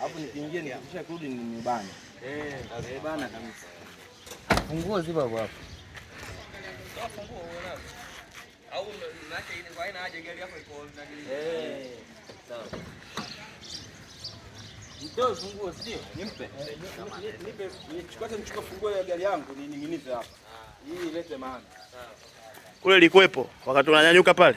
Hapo nikiingia nikisha kurudi ni Eh, bana kabisa. Funguo zipo hapo hapo. Funguo wewe. Au ile kwa gari yako iko na gari. Eh. Sawa. Ndio funguo sio? Nimpe. Nipe nichukue nichukue funguo ya gari yangu nining'inize hapa. Hii ilete maana. Kule likuwepo wakati unanyanyuka pale.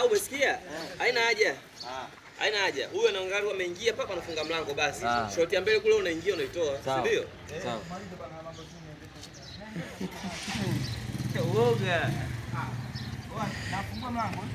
au umesikia? Haina haja, haina haja. Huyo anaangalia ameingia papa, anafunga mlango basi. Shoti ya mbele kule unaingia unaitoa, si ndio? Uoga. Ah,